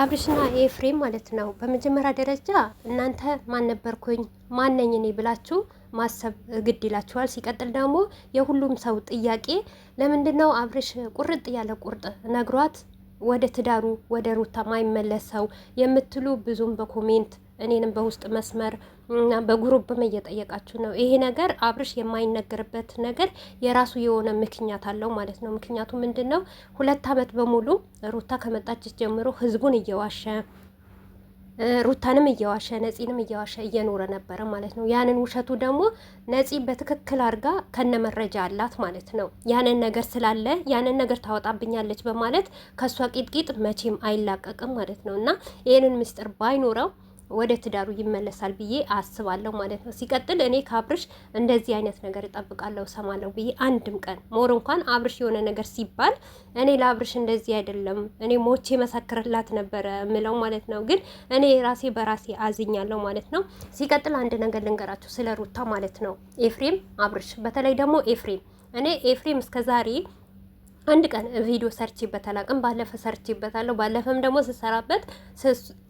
አብርሽና ኤፍሬም ማለት ነው። በመጀመሪያ ደረጃ እናንተ ማን ነበርኩኝ ማነኝ እኔ ብላችሁ ማሰብ ግድ ይላችኋል። ሲቀጥል ደግሞ የሁሉም ሰው ጥያቄ ለምንድን ነው አብርሽ ቁርጥ ያለ ቁርጥ ነግሯት ወደ ትዳሩ ወደ ሩታ ማይመለሰው የምትሉ ብዙም በኮሜንት እኔንም በውስጥ መስመር እና በጉሩብም እየጠየቃችሁ ነው። ይሄ ነገር አብርሽ የማይነገርበት ነገር የራሱ የሆነ ምክንያት አለው ማለት ነው። ምክንያቱ ምንድን ነው? ሁለት ዓመት በሙሉ ሩታ ከመጣች ጀምሮ ህዝቡን እየዋሸ ሩታንም እየዋሸ ነፂንም እየዋሸ እየኖረ ነበረ ማለት ነው። ያንን ውሸቱ ደግሞ ነፂ በትክክል አድርጋ ከነመረጃ አላት ማለት ነው። ያንን ነገር ስላለ ያንን ነገር ታወጣብኛለች በማለት ከእሷ ቂጥቂጥ መቼም አይላቀቅም ማለት ነው እና ይህንን ምስጢር ባይኖረው ወደ ትዳሩ ይመለሳል ብዬ አስባለሁ ማለት ነው። ሲቀጥል እኔ ከአብርሽ እንደዚህ አይነት ነገር እጠብቃለሁ ሰማለሁ ብዬ አንድም ቀን ሞር እንኳን አብርሽ የሆነ ነገር ሲባል እኔ ለአብርሽ እንደዚህ አይደለም እኔ ሞቼ መሰክርላት ነበረ ምለው ማለት ነው። ግን እኔ ራሴ በራሴ አዝኛለሁ ማለት ነው። ሲቀጥል አንድ ነገር ልንገራችሁ ስለ ሩታ ማለት ነው። ኤፍሬም አብርሽ፣ በተለይ ደግሞ ኤፍሬም እኔ ኤፍሬም እስከዛሬ አንድ ቀን ቪዲዮ ሰርችበት አላውቅም። ባለፈ ሰርችበታለሁ። ባለፈም ደግሞ ስሰራበት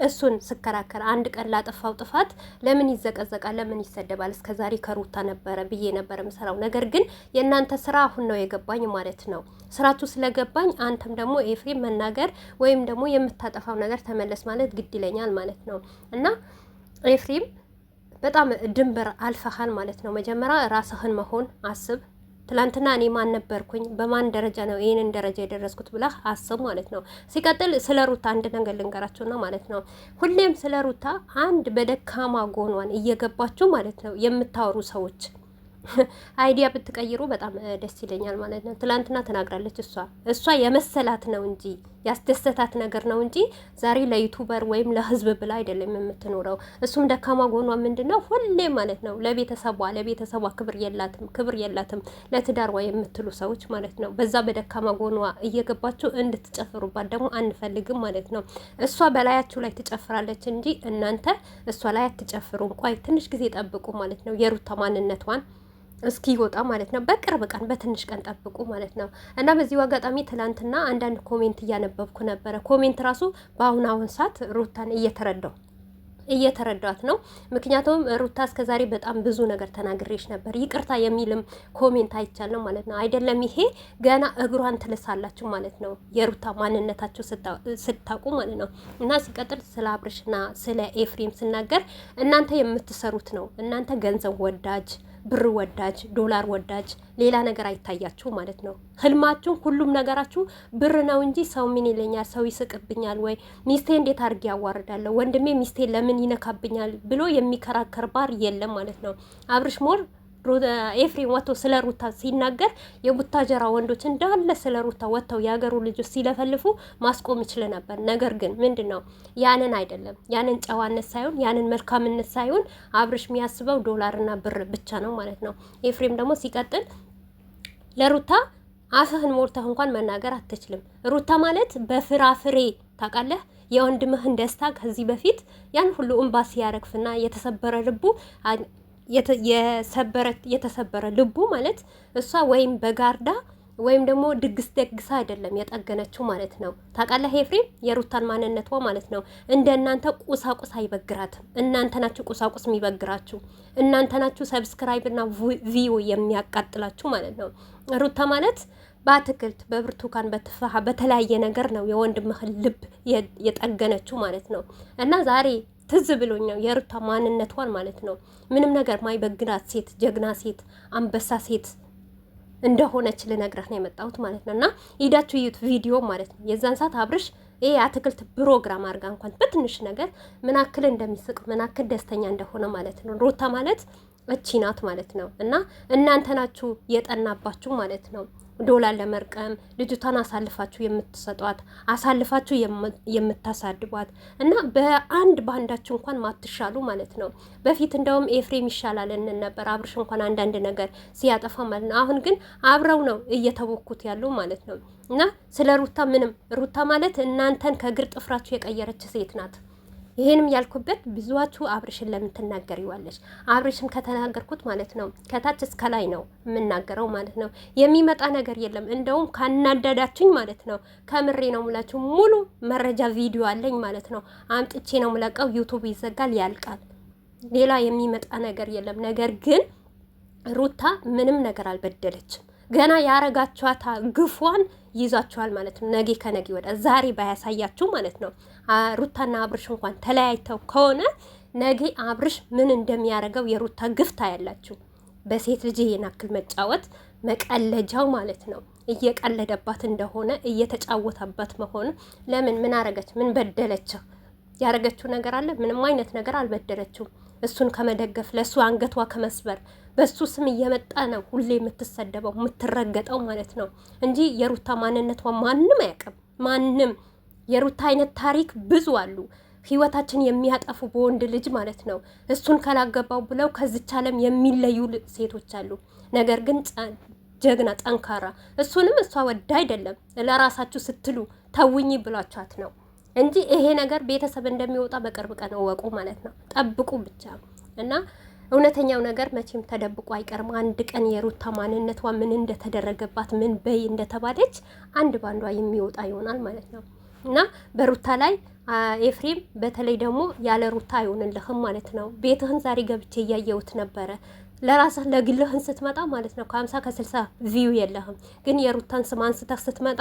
እሱን ስከራከር አንድ ቀን ላጠፋው ጥፋት ለምን ይዘቀዘቃል? ለምን ይሰደባል? እስከ ዛሬ ከሩታ ነበረ ብዬ ነበር የምሰራው። ነገር ግን የእናንተ ስራ አሁን ነው የገባኝ ማለት ነው። ስራቱ ስለገባኝ አንተም ደግሞ ኤፍሬም መናገር ወይም ደግሞ የምታጠፋው ነገር ተመለስ ማለት ግድ ይለኛል ማለት ነው እና ኤፍሬም በጣም ድንበር አልፈሃል ማለት ነው። መጀመሪያ ራስህን መሆን አስብ። ትላንትና እኔ ማን ነበርኩኝ፣ በማን ደረጃ ነው ይህንን ደረጃ የደረስኩት ብለህ አስብ ማለት ነው። ሲቀጥል ስለ ሩታ አንድ ነገር ልንገራችሁና ማለት ነው ሁሌም ስለ ሩታ አንድ በደካማ ጎኗን እየገባችሁ ማለት ነው የምታወሩ ሰዎች አይዲያ ብትቀይሩ በጣም ደስ ይለኛል ማለት ነው። ትላንትና ተናግራለች። እሷ እሷ የመሰላት ነው እንጂ ያስደሰታት ነገር ነው እንጂ ዛሬ ለዩቱበር ወይም ለህዝብ ብላ አይደለም የምትኖረው። እሱም ደካማ ጎኗ ምንድን ነው? ሁሌ ማለት ነው ለቤተሰቧ ለቤተሰቧ ክብር የላትም ክብር የላትም ለትዳርዋ የምትሉ ሰዎች ማለት ነው። በዛ በደካማ ጎኗ እየገባችሁ እንድትጨፍሩባት ደግሞ አንፈልግም ማለት ነው። እሷ በላያችሁ ላይ ትጨፍራለች እንጂ እናንተ እሷ ላይ አትጨፍሩም። ቆይ ትንሽ ጊዜ ጠብቁ ማለት ነው የሩታ ማንነቷን እስኪወጣ ማለት ነው። በቅርብ ቀን በትንሽ ቀን ጠብቁ ማለት ነው። እና በዚሁ አጋጣሚ ትላንትና አንዳንድ ኮሜንት እያነበብኩ ነበረ። ኮሜንት ራሱ በአሁን አሁን ሰዓት ሩታን እየተረዳው እየተረዳት ነው። ምክንያቱም ሩታ እስከዛሬ በጣም ብዙ ነገር ተናግሬሽ ነበር፣ ይቅርታ የሚልም ኮሜንት አይቻል ነው ማለት ነው። አይደለም ይሄ ገና እግሯን ትልሳላችሁ ማለት ነው፣ የሩታ ማንነታችሁ ስታውቁ ማለት ነው። እና ሲቀጥል ስለ አብርሽና ስለ ኤፍሬም ስናገር እናንተ የምትሰሩት ነው። እናንተ ገንዘብ ወዳጅ ብር ወዳጅ፣ ዶላር ወዳጅ፣ ሌላ ነገር አይታያችሁ ማለት ነው። ህልማችሁ ሁሉም ነገራችሁ ብር ነው እንጂ ሰው ምን ይለኛል፣ ሰው ይስቅብኛል ወይ ሚስቴ እንዴት አድርጌ ያዋርዳለሁ፣ ወንድሜ ሚስቴ ለምን ይነካብኛል ብሎ የሚከራከር ባር የለም ማለት ነው። አብርሽ ሞር ኤፍሬም ወጥቶ ስለ ሩታ ሲናገር የቡታጀራ ወንዶች እንዳለ ስለ ሩታ ወጥተው የሀገሩ ልጆች ሲለፈልፉ ማስቆም ይችል ነበር። ነገር ግን ምንድን ነው ያንን አይደለም ያንን ጨዋነት ሳይሆን ያንን መልካምነት ሳይሆን አብርሽ የሚያስበው ዶላርና ብር ብቻ ነው ማለት ነው። ኤፍሬም ደግሞ ሲቀጥል ለሩታ አፍህን ሞልተህ እንኳን መናገር አትችልም። ሩታ ማለት በፍራፍሬ ታውቃለህ የወንድምህን ደስታ ከዚህ በፊት ያን ሁሉ እምባ ሲያረግፍና የተሰበረ ልቡ የተሰበረ ልቡ ማለት እሷ ወይም በጋርዳ ወይም ደግሞ ድግስ ደግሳ አይደለም የጠገነችው ማለት ነው። ታውቃለህ ኤፍሬም፣ የሩታን ማንነቷ ማለት ነው። እንደ እናንተ ቁሳቁስ አይበግራትም። እናንተ ናችሁ ቁሳቁስ የሚበግራችሁ፣ እናንተ ናችሁ ሰብስክራይብና ቪዩ የሚያቃጥላችሁ ማለት ነው። ሩታ ማለት በአትክልት በብርቱካን፣ በትፋሀ በተለያየ ነገር ነው የወንድምህን ልብ የጠገነችው ማለት ነው እና ዛሬ ትዝ ብሎኛው የሩታ ማንነቷን ማለት ነው። ምንም ነገር ማይበግናት ሴት፣ ጀግና ሴት፣ አንበሳ ሴት እንደሆነች ልነግረህ ነው የመጣሁት ማለት ነው። እና ሂዳችሁ እዩት ቪዲዮ ማለት ነው። የዛን ሰዓት አብርሽ ይህ አትክልት ፕሮግራም አድርጋ እንኳን በትንሽ ነገር ምናክል እንደሚስቅ ምናክል ደስተኛ እንደሆነ ማለት ነው። ሩታ ማለት እቺ ናት ማለት ነው። እና እናንተ ናችሁ የጠናባችሁ ማለት ነው። ዶላር ለመርቀም ልጅቷን አሳልፋችሁ የምትሰጧት አሳልፋችሁ የምታሳድቧት እና በአንድ በአንዳችሁ እንኳን ማትሻሉ ማለት ነው። በፊት እንደውም ኤፍሬም ይሻላል እንን ነበር አብርሽ እንኳን አንዳንድ ነገር ሲያጠፋ ማለት ነው። አሁን ግን አብረው ነው እየተቦኩት ያሉ ማለት ነው። እና ስለ ሩታ ምንም ሩታ ማለት እናንተን ከእግር ጥፍራችሁ የቀየረች ሴት ናት። ይሄንም ያልኩበት ብዙዎቹ አብርሽን ለምን ትናገሪዋለሽ? አብርሽን ከተናገርኩት ማለት ነው ከታች እስከ ላይ ነው የምናገረው ማለት ነው። የሚመጣ ነገር የለም። እንደውም ካናዳዳችኝ ማለት ነው ከምሬ ነው ሙላችሁ ሙሉ መረጃ ቪዲዮ አለኝ ማለት ነው አምጥቼ ነው ሙለቀው። ዩቱብ ይዘጋል፣ ያልቃል። ሌላ የሚመጣ ነገር የለም። ነገር ግን ሩታ ምንም ነገር አልበደለችም። ገና ያረጋችኋታ ግፏን ይዟቸዋል ማለት ነው። ነገ ከነገ ወዲያ ዛሬ ባያሳያችሁ ማለት ነው። ሩታና አብርሽ እንኳን ተለያይተው ከሆነ ነገ አብርሽ ምን እንደሚያደርገው የሩታ ግፍታ አያላችሁ። በሴት ልጅ የናክል መጫወት መቀለጃው ማለት ነው። እየቀለደባት እንደሆነ እየተጫወተባት መሆኑ ለምን ምን አረገች? ምን በደለችው? ያረገችው ነገር አለ? ምንም አይነት ነገር አልበደለችውም። እሱን ከመደገፍ ለእሱ አንገቷ ከመስበር በሱ ስም እየመጣ ነው ሁሌ የምትሰደበው የምትረገጠው ማለት ነው እንጂ የሩታ ማንነቷ ማንም አያውቅም። ማንም የሩታ አይነት ታሪክ ብዙ አሉ፣ ህይወታችን የሚያጠፉ በወንድ ልጅ ማለት ነው። እሱን ካላገባው ብለው ከዚች ዓለም የሚለዩ ሴቶች አሉ። ነገር ግን ጀግና፣ ጠንካራ እሱንም እሷ ወዳ አይደለም ለራሳችሁ ስትሉ ተውኝ ብሏችኋት ነው እንጂ ይሄ ነገር ቤተሰብ እንደሚወጣ በቅርብ ቀን እወቁ ማለት ነው። ጠብቁ ብቻ እና እውነተኛው ነገር መቼም ተደብቆ አይቀርም። አንድ ቀን የሩታ ማንነቷ ምን እንደተደረገባት ምን በይ እንደተባለች አንድ ባንዷ የሚወጣ ይሆናል ማለት ነው እና በሩታ ላይ ኤፍሬም በተለይ ደግሞ ያለ ሩታ አይሆንልህም ማለት ነው። ቤትህን ዛሬ ገብቼ እያየሁት ነበረ። ለራስህ ለግልህን ስትመጣ ማለት ነው ከሀምሳ ከስልሳ ቪው የለህም፣ ግን የሩታን ስም አንስተህ ስትመጣ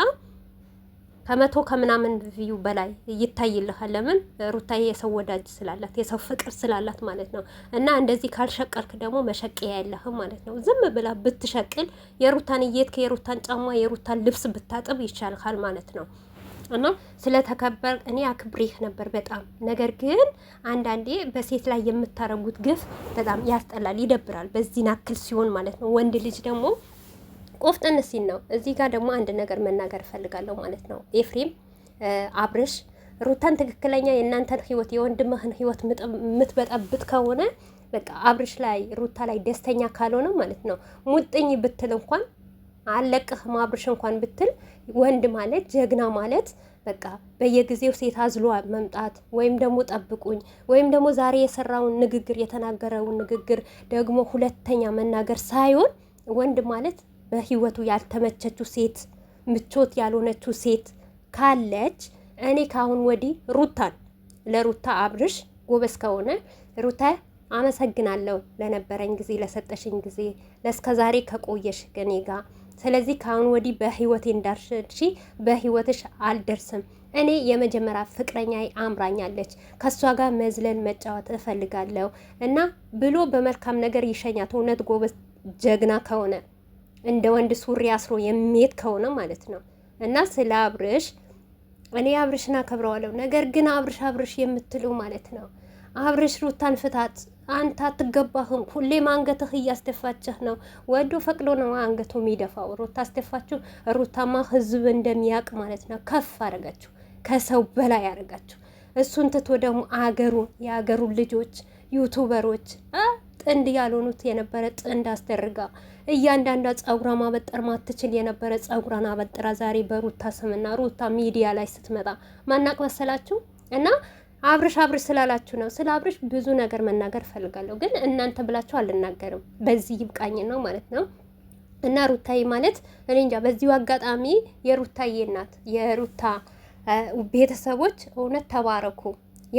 ከመቶ ከምናምን ቪዩ በላይ ይታይልሃል። ለምን ሩታዬ የሰው ወዳጅ ስላላት የሰው ፍቅር ስላላት ማለት ነው። እና እንደዚህ ካልሸቀልክ ደግሞ መሸቀያ የለህም ማለት ነው። ዝም ብላ ብትሸቅል የሩታን እየት የሩታን ጫማ የሩታን ልብስ ብታጥብ ይቻልሃል ማለት ነው። እና ስለተከበር እኔ አክብሬህ ነበር በጣም ነገር ግን አንዳንዴ በሴት ላይ የምታረጉት ግፍ በጣም ያስጠላል፣ ይደብራል። በዚህ ናክል ሲሆን ማለት ነው ወንድ ልጅ ደግሞ ቆፍጥን ሲል ነው። እዚህ ጋር ደግሞ አንድ ነገር መናገር እፈልጋለሁ ማለት ነው። ኤፍሬም አብርሽ ሩታን ትክክለኛ የእናንተን ህይወት የወንድምህን ህይወት የምትበጣብጥ ከሆነ በቃ አብርሽ ላይ ሩታ ላይ ደስተኛ ካልሆነ ማለት ነው ሙጥኝ ብትል እንኳን አለቅህም አብርሽ እንኳን ብትል ወንድ ማለት ጀግና ማለት በቃ በየጊዜው ሴት አዝሎ መምጣት ወይም ደግሞ ጠብቁኝ ወይም ደግሞ ዛሬ የሰራውን ንግግር የተናገረውን ንግግር ደግሞ ሁለተኛ መናገር ሳይሆን ወንድ ማለት በህይወቱ ያልተመቸችው ሴት ምቾት ያልሆነችው ሴት ካለች እኔ ካሁን ወዲህ ሩታን ለሩታ አብርሽ ጎበዝ ከሆነ ሩታ አመሰግናለሁ ለነበረኝ ጊዜ ለሰጠሽኝ ጊዜ ለእስከ ከቆየሽ ከኔ ጋር ስለዚህ ከአሁን ወዲህ በህይወቴ እንዳርሽ በህይወትሽ አልደርስም እኔ የመጀመሪያ ፍቅረኛ አምራኛለች ከእሷ ጋር መዝለል መጫወት እፈልጋለሁ እና ብሎ በመልካም ነገር ይሸኛት እውነት ጎበዝ ጀግና ከሆነ እንደ ወንድ ሱሪ አስሮ የሚሄድ ከሆነ ማለት ነው። እና ስለ አብርሽ እኔ አብርሽን አከብረዋለሁ። ነገር ግን አብርሽ አብርሽ የምትሉ ማለት ነው አብርሽ ሩታን ፍታት፣ አንተ አትገባህም። ሁሌም አንገትህ እያስደፋችህ ነው። ወዶ ፈቅዶ ነው አንገቱ የሚደፋው። ሩታ አስደፋችሁ። ሩታማ ህዝብ እንደሚያውቅ ማለት ነው ከፍ አደረጋችሁ፣ ከሰው በላይ አደረጋችሁ። እሱን ትቶ ደግሞ አገሩ የአገሩ ልጆች ዩቱበሮች ጥንድ ያልሆኑት የነበረ ጥንድ አስደርጋ እያንዳንዷ ጸጉራ ማበጠር ማትችል የነበረ ጸጉራን አበጥራ ዛሬ በሩታ ስምና ሩታ ሚዲያ ላይ ስትመጣ ማናቅ መሰላችሁ እና አብርሽ አብርሽ ስላላችሁ ነው። ስለ አብርሽ ብዙ ነገር መናገር ፈልጋለሁ፣ ግን እናንተ ብላችሁ አልናገርም። በዚህ ይብቃኝ ነው ማለት ነው። እና ሩታዬ ማለት እኔ እንጃ። በዚሁ አጋጣሚ የሩታዬ እናት የሩታ ቤተሰቦች እውነት ተባረኩ።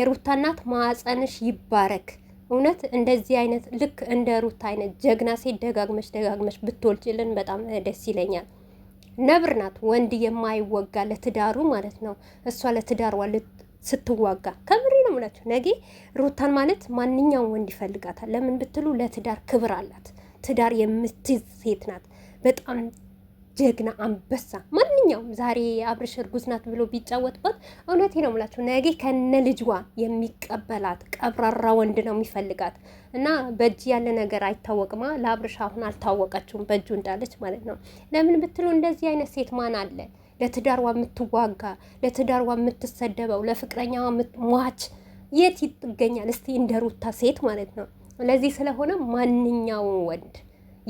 የሩታ እናት ማዕፀንሽ ይባረክ። እውነት እንደዚህ አይነት ልክ እንደ ሩት አይነት ጀግና ሴት ደጋግመሽ ደጋግመሽ ብትወልጭልን በጣም ደስ ይለኛል። ነብር ናት፣ ወንድ የማይወጋ ለትዳሩ ማለት ነው። እሷ ለትዳሯ ስትዋጋ ከምሪ ነው ምላችሁ። ነገ ሩታን ማለት ማንኛውም ወንድ ይፈልጋታል። ለምን ብትሉ ለትዳር ክብር አላት። ትዳር የምትይዝ ሴት ናት በጣም ጀግና አንበሳ ማንኛውም ዛሬ አብርሽ እርጉዝ ናት ብሎ ቢጫወትባት እውነቴ ነው የምላችሁ ነገ ከነ ልጅዋ የሚቀበላት ቀብራራ ወንድ ነው የሚፈልጋት እና በእጅ ያለ ነገር አይታወቅማ ለአብርሽ አሁን አልታወቀችውም በእጁ እንዳለች ማለት ነው ለምን ብትሉ እንደዚህ አይነት ሴት ማን አለ ለትዳርዋ የምትዋጋ ለትዳርዋ የምትሰደበው ለፍቅረኛዋ የምትሟች የት ይገኛል እስቲ እንደ ሩታ ሴት ማለት ነው ለዚህ ስለሆነ ማንኛውም ወንድ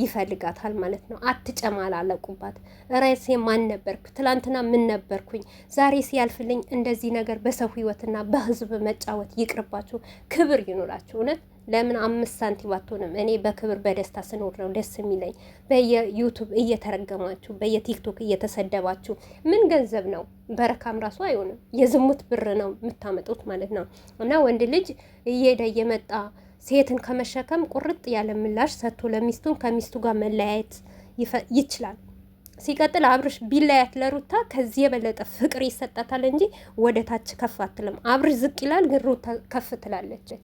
ይፈልጋታል ማለት ነው። አትጨማላለቁባት። ራሴ ማን ነበርኩ? ትላንትና ምን ነበርኩኝ? ዛሬ ሲያልፍልኝ እንደዚህ ነገር በሰው ህይወትና በህዝብ መጫወት ይቅርባችሁ፣ ክብር ይኖራችሁ። እውነት ለምን አምስት ሳንቲም አትሆንም? እኔ በክብር በደስታ ስኖር ነው ደስ የሚለኝ። በየዩቱብ እየተረገማችሁ በየቲክቶክ እየተሰደባችሁ ምን ገንዘብ ነው? በረካም ራሱ አይሆንም። የዝሙት ብር ነው የምታመጡት ማለት ነው። እና ወንድ ልጅ እየሄደ እየመጣ ሴትን ከመሸከም ቁርጥ ያለ ምላሽ ሰጥቶ ለሚስቱን ከሚስቱ ጋር መለያየት ይችላል። ሲቀጥል አብርሽ ቢለያት ለሩታ ከዚህ የበለጠ ፍቅር ይሰጣታል እንጂ ወደ ታች ከፍ አትልም። አብርሽ ዝቅ ይላል፣ ግን ሩታ ከፍ ትላለች።